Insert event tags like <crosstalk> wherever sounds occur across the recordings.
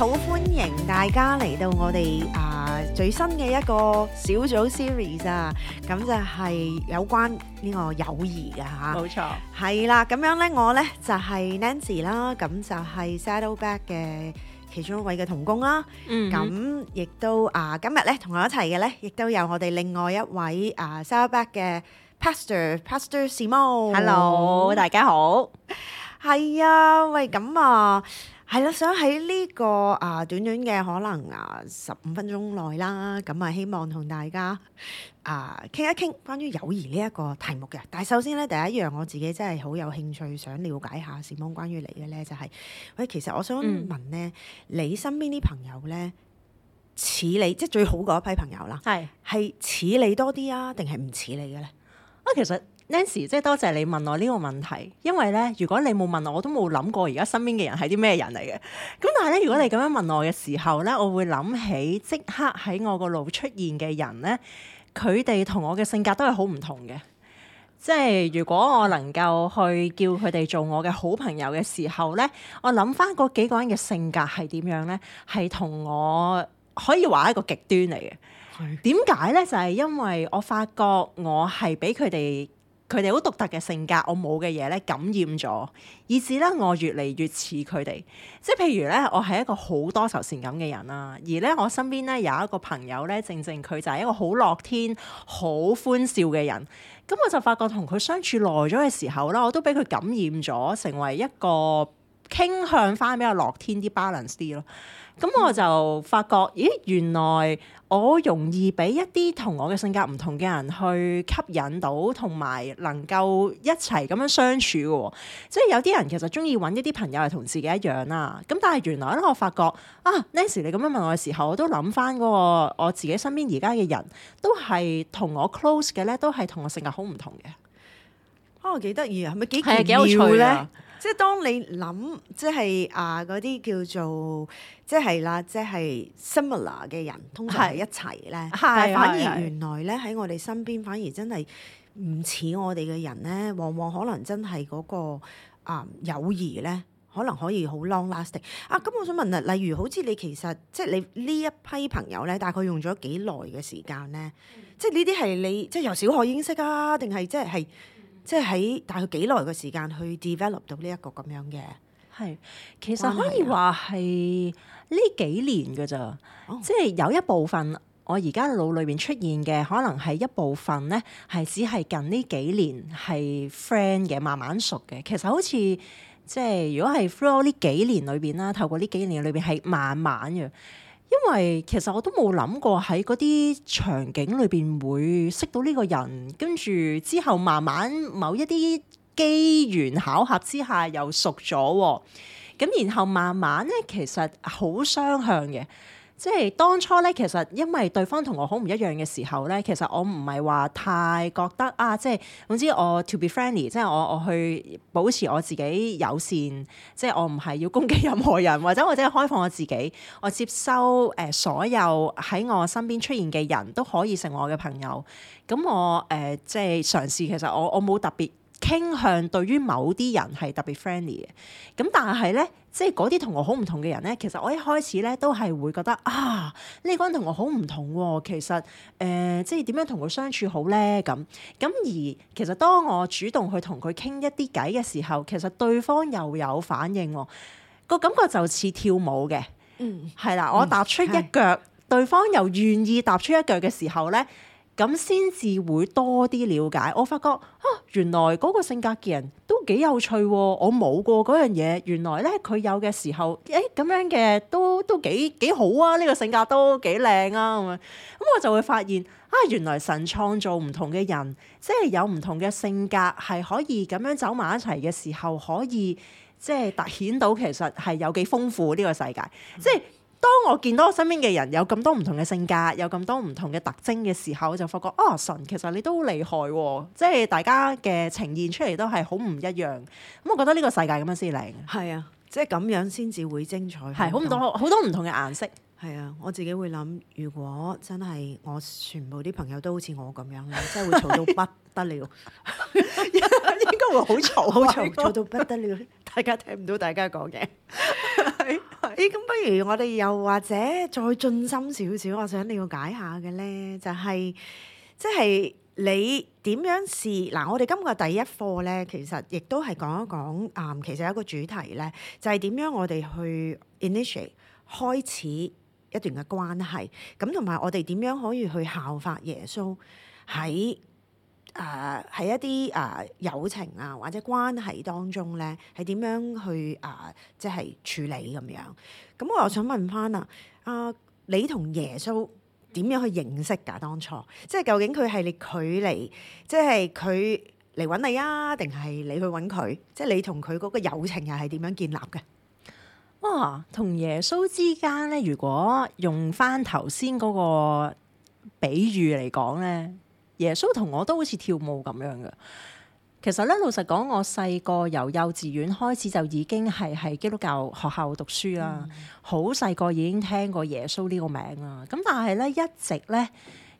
好歡迎大家嚟到我哋啊最新嘅一個小組 series 啊，咁就係有關呢個友誼嘅嚇。冇錯，係啦。咁樣咧，我咧就係 Nancy 啦，咁就係 Saddleback 嘅其中一位嘅同工啦。嗯，咁亦都啊，今日咧同我一齊嘅咧，亦都有我哋另外一位啊 or, Saddleback 嘅 Pastor Pastor Simone，Hello，大家好。係 <laughs> 啊，喂，咁啊。係啦，想喺呢個啊短短嘅可能啊十五分鐘內啦，咁啊希望同大家啊傾、呃、一傾關於友誼呢一個題目嘅。但係首先咧，第一樣我自己真係好有興趣想了解下，善邦關於你嘅咧就係、是，喂，其實我想問咧，嗯、你身邊啲朋友咧似你，即係最好嗰一批朋友啦，係是似你多啲啊，定係唔似你嘅咧？啊，其實～Nancy，即係多謝你問我呢個問題，因為咧，如果你冇問我，我都冇諗過而家身邊嘅人係啲咩人嚟嘅。咁但係咧，如果你咁樣問我嘅時候咧，我會諗起即刻喺我個腦出現嘅人咧，佢哋同我嘅性格都係好唔同嘅。即係如果我能夠去叫佢哋做我嘅好朋友嘅時候咧，我諗翻嗰幾個人嘅性格係點樣咧？係同我可以話一個極端嚟嘅。點解咧？就係、是、因為我發覺我係俾佢哋。佢哋好獨特嘅性格，我冇嘅嘢咧，感染咗，以至咧我越嚟越似佢哋。即係譬如咧，我係一個好多愁善感嘅人啦，而咧我身邊咧有一個朋友咧，正正佢就係一個好樂天、好歡笑嘅人。咁我就發覺同佢相處耐咗嘅時候啦，我都俾佢感染咗，成為一個。傾向翻比較樂天啲 balance 啲咯，咁我就發覺，咦，原來我容易俾一啲同我嘅性格唔同嘅人去吸引到，同埋能夠一齊咁樣相處嘅，即係有啲人其實中意揾一啲朋友係同自己一樣啦。咁但係原來咧，我發覺啊，Nancy 你咁樣問我嘅時候，我都諗翻嗰個我自己身邊而家嘅人都係同我 close 嘅、哦啊、呢，都係同我性格好唔同嘅。啊，幾得意啊，係咪幾奇妙咧？即係當你諗，即係啊嗰啲叫做，即係啦，即係 similar 嘅人，通常係一齊咧。係係係。但係反而原來咧喺係嘅，我哋身邊，反而真係唔似我哋嘅人咧，往往可能真係嗰個啊、嗯、友誼咧，可能可以好 long lasting。啊，咁我想問啊，例如好似你其實即係你呢一批朋友咧，大概用咗幾耐嘅時間咧、嗯？即係呢啲係你即係由小學已經識啊？定係即係係？即係喺大概幾耐嘅時間去 develop 到呢一個咁樣嘅？係其實可以話係呢幾年嘅咋，即係有一部分我而家腦裏面出現嘅，可能係一部分咧，係只係近呢幾年係 friend 嘅，慢慢熟嘅。其實好似即係如果係 flow 呢幾年裏邊啦，透過呢幾年裏邊係慢慢嘅。因為其實我都冇諗過喺嗰啲場景裏邊會識到呢個人，跟住之後慢慢某一啲機緣巧合之下又熟咗，咁然後慢慢咧其實好相向嘅。即係當初咧，其實因為對方同我好唔一樣嘅時候咧，其實我唔係話太覺得啊，即係總之我 to be friendly，即係我我去保持我自己友善，即係我唔係要攻擊任何人，或者或者開放我自己，我接收誒、呃、所有喺我身邊出現嘅人都可以成為我嘅朋友。咁我誒、呃、即係嘗試，其實我我冇特別。傾向對於某啲人係特別 friendly 嘅，咁但係呢，即係嗰啲同我好唔同嘅人呢，其實我一開始呢都係會覺得啊，呢個人同我好唔同喎。其實誒、呃，即係點樣同佢相處好呢？咁咁而其實當我主動去同佢傾一啲偈嘅時候，其實對方又有反應喎、哦，個感覺就似跳舞嘅，嗯，係啦，我踏出一腳，的對方又願意踏出一腳嘅時候呢。咁先至會多啲了解。我發覺啊，原來嗰個性格嘅人都幾有趣喎。我冇過嗰樣嘢，原來咧佢有嘅時候，誒、欸、咁樣嘅都都幾幾好啊。呢、這個性格都幾靚啊，咁樣咁我就會發現啊，原來神創造唔同嘅人，即係有唔同嘅性格，係可以咁樣走埋一齊嘅時候，可以即係凸顯到其實係有幾豐富呢個世界，即係。當我見到我身邊嘅人有咁多唔同嘅性格，有咁多唔同嘅特徵嘅時候，我就發覺啊、哦，神其實你都好厲害喎、哦！嗯、即係大家嘅呈現出嚟都係好唔一樣。咁、嗯、我覺得呢個世界咁樣先靚嘅，係啊，即係咁樣先至會精彩多。係好唔同，好多唔同嘅顏色。係啊，我自己會諗，如果真係我全部啲朋友都好似我咁樣咧，真係會嘈到不得了， <laughs> <laughs> 應該會好嘈 <laughs> 好嘈吵，好嘈嘈到不得了， <laughs> 大家聽唔到大家講嘅。係，咁，哎、不如我哋又或者再進心少少，我想了解，解下嘅咧，就係即係你點樣試嗱？我哋今日第一課咧，其實亦都係講一講，誒、嗯，其實有一個主題咧，就係、係、點樣我哋去 initiate 開始一段嘅關係，咁同埋我哋點樣可以去效法耶穌喺。誒喺、啊、一啲誒、啊、友情啊，或者關係當中咧，係點樣去誒、啊、即係處理咁樣？咁我又想問返啊，阿你同耶穌點樣去認識㗎、啊？當初即係究竟佢係你距離，即係佢嚟搵你啊，定係你去搵佢？即係你同佢嗰個友情又係點樣建立嘅？哇、哦！同耶穌之間咧，如果用返頭先嗰個比喻嚟講咧～耶穌同我都好似跳舞咁樣嘅。其實咧，老實講，我細個由幼稚園開始就已經係喺基督教學校讀書啦。好細個已經聽過耶穌呢個名啦。咁但係咧，一直咧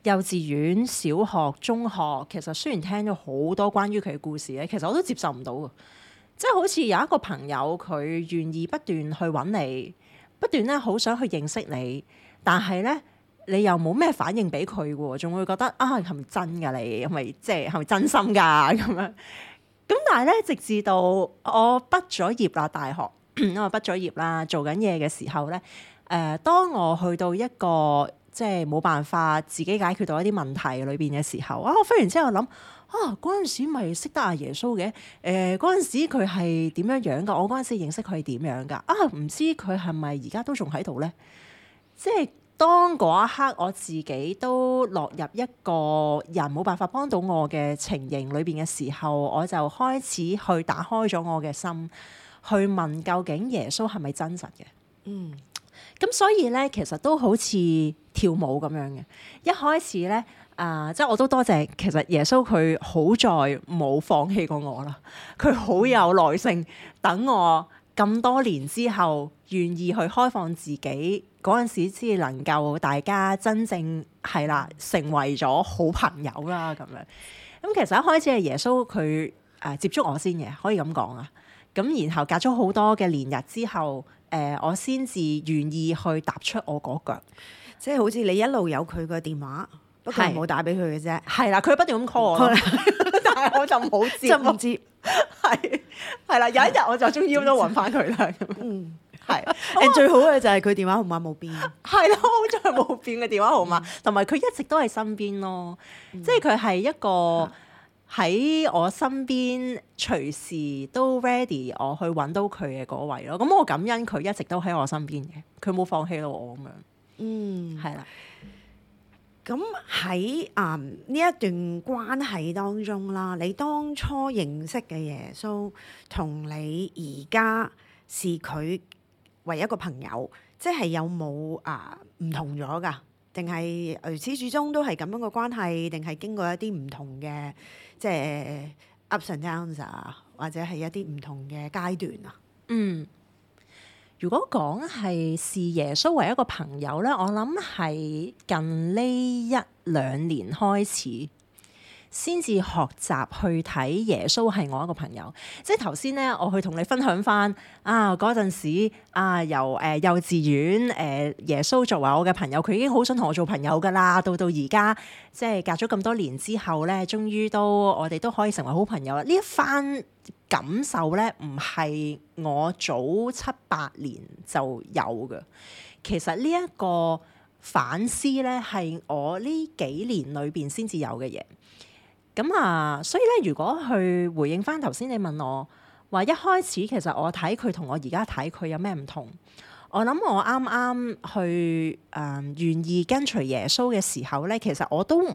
幼稚園、小學、中學，其實雖然聽咗好多關於佢嘅故事咧，其實我都接受唔到嘅。即係好似有一個朋友，佢願意不斷去揾你，不斷咧好想去認識你，但係咧，你又冇咩反應俾佢喎，仲會覺得啊，係咪真㗎你？係咪即係係咪真心㗎咁樣？咁但係咧，直至到我畢咗業啦，大學因為 <coughs> 畢咗業啦，做緊嘢嘅時候咧，誒、呃，當我去到一個即係冇辦法自己解決到一啲問題裏邊嘅時候，啊，我忽然之間諗，啊，嗰陣時咪識得阿耶穌嘅，誒、呃，嗰陣時佢係點樣樣㗎？我嗰陣時認識佢係點樣㗎？啊，唔知佢係咪而家都仲喺度咧？即係。當嗰一刻我自己都落入一個人冇辦法幫到我嘅情形裏邊嘅時候，我就開始去打開咗我嘅心，去問究竟耶穌係咪真實嘅？嗯，咁所以咧，其實都好似跳舞咁樣嘅。一開始咧，啊、呃，即係我都多謝，其實耶穌佢好在冇放棄過我啦，佢好有耐性等我咁多年之後願意去開放自己。嗰陣時先至能夠大家真正係啦、啊，成為咗好朋友啦咁樣。咁其實一開始係耶穌佢誒、uh，接觸我先嘅，可以咁講啊。咁然後隔咗好多嘅年日之後，誒、呃、我先至願意去踏出我嗰腳。即係好似你一路有佢嘅電話，不過唔好打俾佢嘅啫。係啦，佢不斷咁 call 我，打 <laughs> <laughs> <laughs> 但係我就冇接，唔不接。係係啦，有一日我就終於 <laughs> <laughs> 都揾翻佢啦。 <laughs> 嗯。誒，最好嘅就係佢電話號碼冇 <laughs> 變，係咯，好在冇變嘅電話號碼，同埋佢一直都喺身邊咯，嗯、即係佢係一個喺我身邊，隨時都 ready，我去揾到佢嘅嗰位咯。咁我感恩佢一直都喺我身邊嘅，佢冇放棄到我咁樣。嗯，係啦了。咁喺啊呢一段關係當中啦，你當初認識嘅耶穌同你而家是佢，為一個朋友，即係有冇啊唔同咗㗎？定係始終都係咁樣嘅關係？定係經過一啲唔同嘅即係 ups and downs 啊，或者係一啲唔同嘅階段啊？嗯，如果講係是，視耶穌為一個朋友咧，我諗係近呢一兩年開始。先至學習去睇耶穌係我一個朋友，即係頭先咧，我去同你分享翻啊嗰陣時啊，由誒、呃、幼稚園誒、呃、耶穌作為我嘅朋友，佢已經好想同我做朋友噶啦。到到而家即係隔咗咁多年之後咧，終於都我哋都，都可以成為好朋友啦。呢一番感受咧，唔係我早七八年就有嘅。其實呢一個反思咧，係我呢幾年裏邊先至有嘅嘢。咁啊、嗯，所以咧，如果去回應翻頭先你問我話，一開始其實我睇佢同我而家睇佢有咩唔同？我諗我啱啱去誒願、呃、意跟隨耶穌嘅時候咧，其實我都唔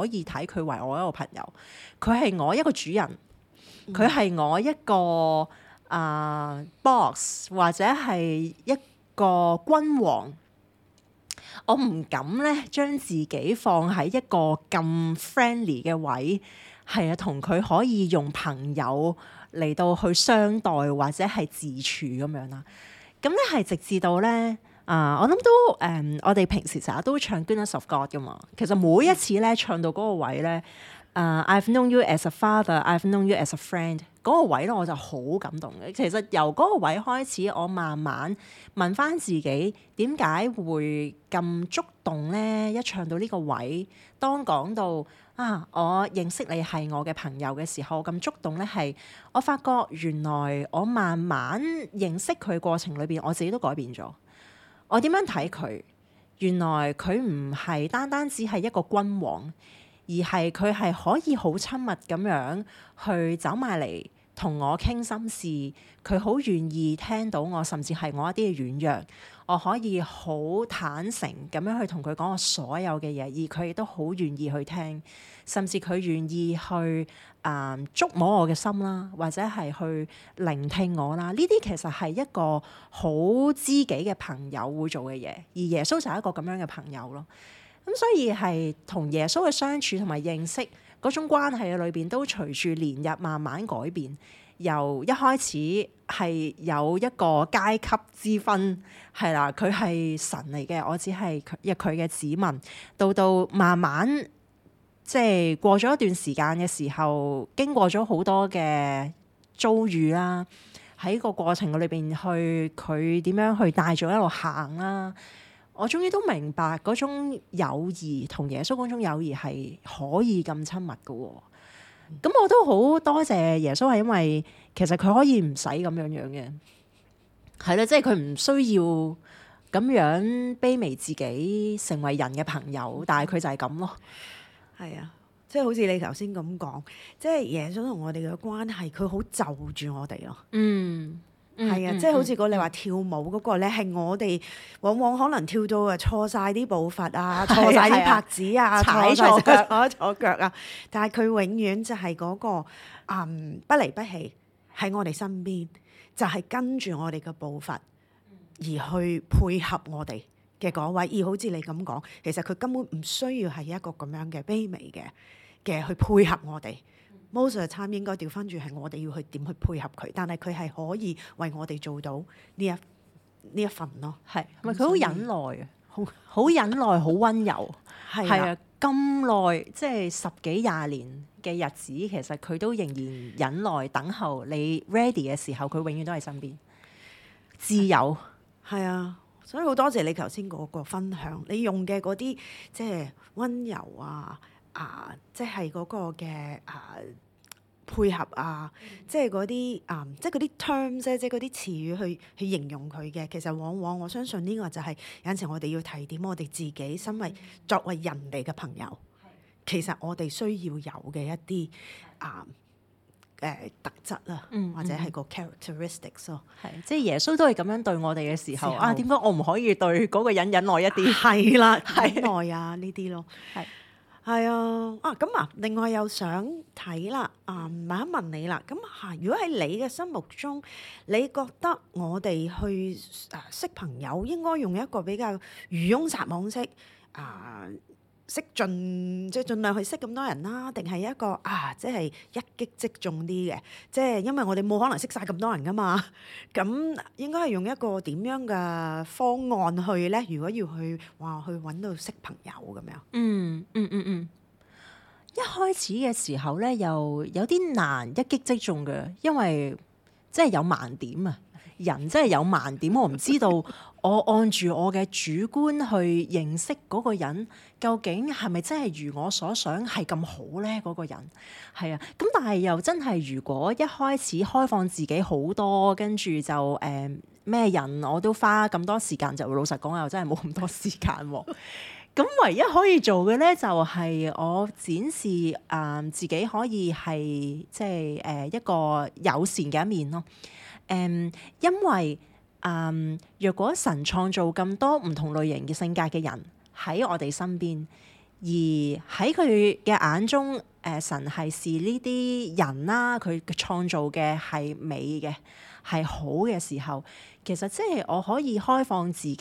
可以睇佢為我一個朋友，佢係我一個主人，佢係、嗯、我一個啊、呃、boss 或者係一個君王。我唔敢咧將自己放喺一個咁 friendly 嘅位，係啊，同佢可以用朋友嚟到去相待或者係自處咁樣啦。咁咧係直至到咧啊、呃，我諗都誒、呃，我哋平時成日都唱《Goodness of God》噶嘛。其實每一次咧唱到嗰個位咧，誒、呃、I've known you as a father，I've known you as a friend。嗰個位呢，我就好感動嘅。其實由嗰個位開始，我慢慢問翻自己，點解會咁觸動呢？一唱到呢個位，當講到啊，我認識你係我嘅朋友嘅時候，咁觸動呢，係我發覺原來我慢慢認識佢過程裏邊，我自己都改變咗。我點樣睇佢？原來佢唔係單單只係一個君王，而係佢係可以好親密咁樣去走埋嚟。同我傾心事，佢好願意聽到我，甚至係我一啲嘅軟弱，我可以好坦誠咁樣去同佢講我所有嘅嘢，而佢亦都好願意去聽，甚至佢願意去啊、嗯、觸摸我嘅心啦，或者係去聆聽我啦。呢啲其實係一個好知己嘅朋友會做嘅嘢，而耶穌就係一個咁樣嘅朋友咯。咁、嗯、所以係同耶穌嘅相處同埋認識。嗰種關係嘅裏邊都隨住連日慢慢改變，由一開始係有一個階級之分，係啦，佢係神嚟嘅，我只係入佢嘅子民，到到慢慢即係過咗一段時間嘅時候，經過咗好多嘅遭遇啦，喺個過程嘅裏邊去佢點樣去帶住一路行啦。我終於都明白嗰種友誼同耶穌嗰種友誼係可以咁親密嘅喎、哦，咁、嗯、我都好多謝耶穌，係因為其實佢可以唔使咁樣樣嘅，係啦，即係佢唔需要咁樣卑微自己成為人嘅朋友，但係佢就係咁咯。係啊，即係好似你頭先咁講，即係耶穌同我哋嘅關係，佢好就住我哋咯。嗯。係啊，即係好似你話、嗯、跳舞嗰、嗰個咧，係我哋往往可能跳到啊錯晒啲步伐啊，錯晒啲拍子啊，踩的錯腳、啊、錯錯腳啊。但係佢永遠就係嗰、嗰個、嗯、不離不棄喺我哋身邊，就係、係、跟住我哋嘅步伐而去配合我哋嘅嗰位。而好似你咁講，其實佢根本唔需要係一個咁樣嘅卑微嘅嘅去配合我哋。Mo i s t e Time 應該調翻轉係我哋要去點去配合佢，但係佢係可以為我哋做到呢一呢一份咯。係咪？佢好忍耐嘅，好好忍耐，好温柔。係啊，咁耐、啊、即係十幾廿年嘅日子，其實佢都仍然忍耐等候你 ready 嘅時候，佢永遠都喺身邊。摯友，係啊，啊，所以好多謝你頭先嗰個分享。嗯、你用嘅嗰啲即係温柔啊啊，即係嗰個嘅啊。配合啊，即係嗰啲啊，即係嗰啲 terms，即係嗰啲詞語去去形容佢嘅。其實往往我相信呢個就係、是、有陣時我哋要提點，我哋自己身為作為人哋嘅朋友，其實我哋需要有嘅一啲啊，誒、嗯呃、特質啊，或者係個 characteristics 咯。係、嗯嗯 So,，即係耶穌都係咁樣對我哋嘅時候啊。點解我唔可以對嗰個人忍耐一啲？係啦、啊，是忍耐啊呢啲咯。係。係啊，啊咁啊，另外又想睇啦，啊問一問你啦，咁、啊、嚇如果喺你嘅心目中，你覺得我哋去啊識朋友應該用一個比較漁翁撒網式啊？識盡即係盡量去識咁多人啦，定係一個啊，即係一擊即中啲嘅？即係因為我哋冇可能識晒咁多人㗎嘛。咁應該係用一個點樣嘅方案去咧？如果要去哇，去揾到識朋友咁樣。嗯嗯嗯嗯。一開始嘅時候咧，又有啲難一擊即中嘅，因為即係有盲點啊，人真係有盲點，我唔知道。 <laughs> 我按住我嘅主觀去認識嗰個人，究竟係咪真係如我所想係咁好咧？嗰、那個人係啊，咁但係又真係，如果一開始開放自己好多，跟住就誒咩、呃、人我都花咁多時間，就老實講又真係冇咁多時間喎。咁 <laughs> 唯一可以做嘅咧，就係我展示誒、呃、自己可以係即係誒、呃、一個友善嘅一面咯。誒、呃，因為。嗯，若、um, 果神創造咁多唔同類型嘅性格嘅人喺我哋身邊，而喺佢嘅眼中，誒、呃，神係視呢啲人啦、啊，佢創造嘅係美嘅，係好嘅時候，其實即係我可以開放自己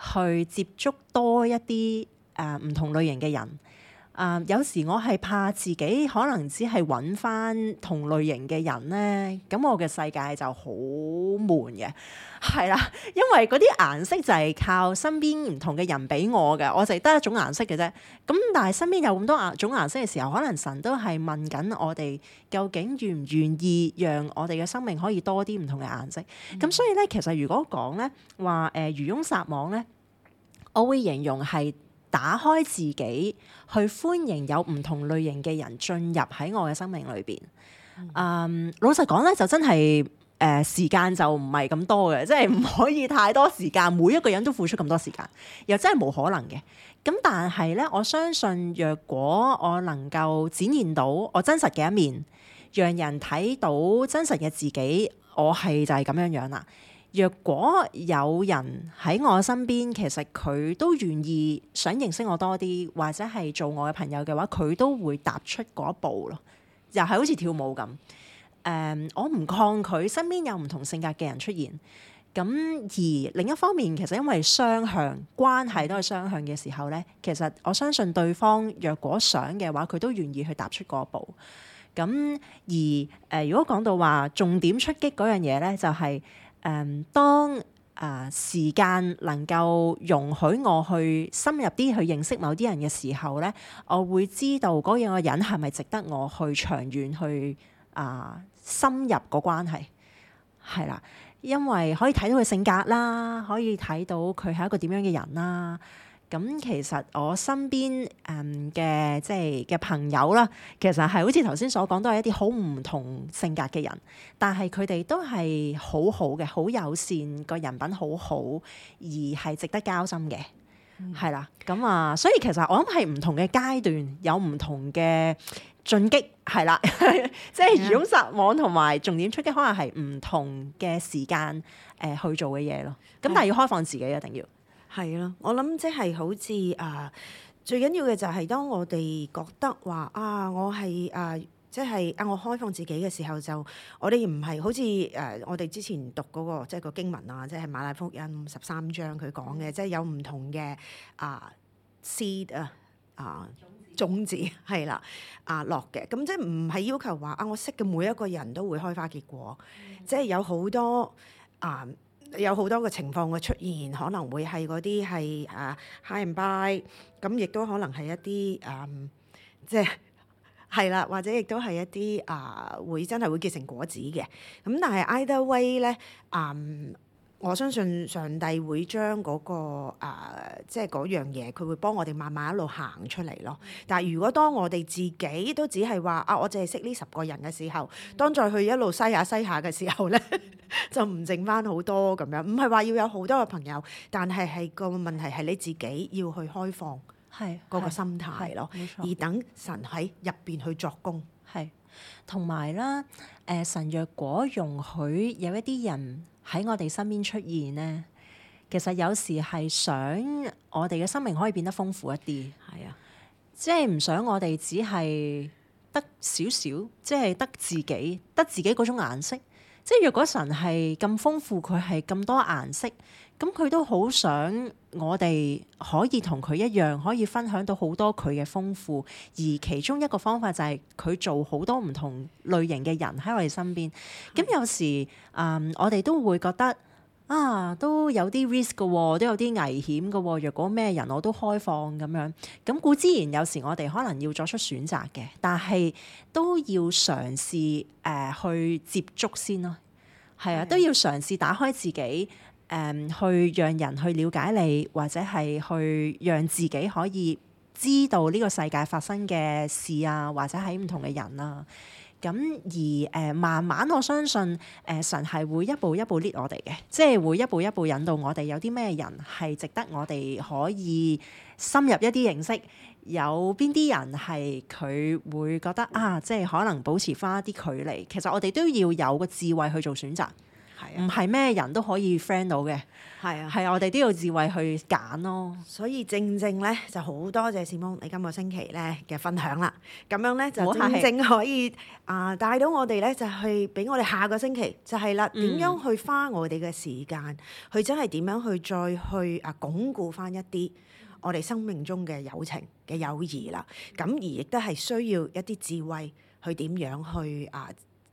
去接觸多一啲誒唔同類型嘅人。啊、嗯！有時我係怕自己可能只係揾翻同類型嘅人咧，咁我嘅世界就好悶嘅，係啦，因為嗰啲顏色就係靠身邊唔同嘅人俾我嘅，我淨係得一種顏色嘅啫。咁但係身邊有咁多顏種顏色嘅時候，可能神都係問緊我哋，究竟願唔願意讓我哋嘅生命可以多啲唔同嘅顏色？咁、嗯、所以咧，其實如果講咧話誒漁翁撒網咧，我會形容係。打開自己，去歡迎有唔同類型嘅人進入喺我嘅生命裏邊。嗯，老實講咧，就真係誒時間就唔係咁多嘅，即係唔可以太多時間，每一個人都付出咁多時間，又真係冇可能嘅。咁但係咧，我相信若果我能夠展現到我真實嘅一面，讓人睇到真實嘅自己，我係就係咁樣樣啦。若果有人喺我身邊，其實佢都願意想認識我多啲，或者係做我嘅朋友嘅話，佢都會踏出嗰步咯。又係好似跳舞咁，誒、嗯，我唔抗拒身邊有唔同性格嘅人出現。咁而另一方面，其實因為雙向關係都係雙向嘅時候咧，其實我相信對方若果想嘅話，佢都願意去踏出嗰步。咁而誒、呃，如果講到話重點出擊嗰樣嘢咧，就係。誒，當誒時間能夠容許我去深入啲去認識某啲人嘅時候咧，我會知道嗰樣嘅人係咪值得我去長遠去啊深入個關係，係啦，因為可以睇到佢性格啦，可以睇到佢係一個點樣嘅人啦。咁其實我身邊誒嘅、嗯、即係嘅朋友啦，其實係好似頭先所講，都係一啲好唔同性格嘅人，但係佢哋都係好好嘅，好友善，個人品好好，而係值得交心嘅，係啦、嗯。咁啊，所以其實我諗係唔同嘅階段有唔同嘅進擊，係啦，即係如撒網同埋重點出擊，可能係唔同嘅時間誒、呃、去做嘅嘢咯。咁但係要開放自己，嗯、一定要。係咯，我諗即係好似誒、啊，最緊要嘅就係當我哋覺得話啊，我係啊，即係啊，我開放自己嘅時候就我，我哋唔係好似誒，我哋之前讀嗰、那個即係、就是、個經文啊，即、就、係、是、馬太福音十三章佢講嘅，即係、嗯、有唔同嘅啊 seed 啊啊種子係啦啊落嘅，咁即係唔係要求話啊，我識嘅每一個人都會開花結果，即係、嗯、有好多啊。有好多個情況嘅出現，可能會係嗰啲係啊 high and buy，咁、嗯、亦都可能係一啲嗯，即係係啦，或者亦都係一啲啊會真係會結成果子嘅，咁但係 either way 咧嗯。我相信上帝會將嗰、那個誒、呃，即係嗰樣嘢，佢會幫我哋慢慢一路行出嚟咯。但係如果當我哋自己都只係話啊，我淨係識呢十個人嘅時候，當再去一路篩下篩下嘅時候咧， <laughs> 就唔剩返好多咁樣。唔係話要有好多嘅朋友，但係係個問題係你自己要去開放是，係嗰個心態咯，而等神喺入邊去作工。係同埋啦，誒、呃、神若果容許有一啲人。喺我哋身邊出現咧，其實有時係想我哋嘅生命可以變得豐富一啲，係啊的，即係唔想我哋只係得少少，即係得自己，得自己嗰種顏色。即係若果神係咁豐富，佢係咁多顏色。咁佢都好想我哋可以同佢一樣，可以分享到好多佢嘅豐富。而其中一個方法就係佢做好多唔同類型嘅人喺我哋身邊。咁、嗯、有時啊、嗯，我哋都會覺得啊，都有啲 risk 嘅，都有啲危險嘅。若果咩人我都開放咁樣，咁固之然有時我哋可能要作出選擇嘅，但係都要嘗試誒、呃、去接觸先咯。係啊，都要嘗試打開自己。誒去讓人去了解你，或者係去讓自己可以知道呢個世界發生嘅事啊，或者係唔同嘅人啊。咁而誒慢慢，我相信誒神係會一步一步 lead 我哋嘅，即係會一步一步引導我哋有啲咩人係值得我哋可以深入一啲認識，有邊啲人係佢會覺得啊，即係可能保持翻一啲距離。其實我哋都要有個智慧去做選擇。唔係咩人都可以 friend 到嘅，係啊，係啊，我哋都要智慧去揀咯。所以正正咧就好多謝 Simone 你今個星期咧嘅分享啦。咁樣咧就正正可以啊、呃、帶到我哋咧就去俾我哋下個星期就係、是、啦，點樣去花我哋嘅時間，佢、嗯、真係點樣去再去啊鞏固翻一啲我哋生命中嘅友情嘅友誼啦。咁、嗯、而亦都係需要一啲智慧去點樣去啊。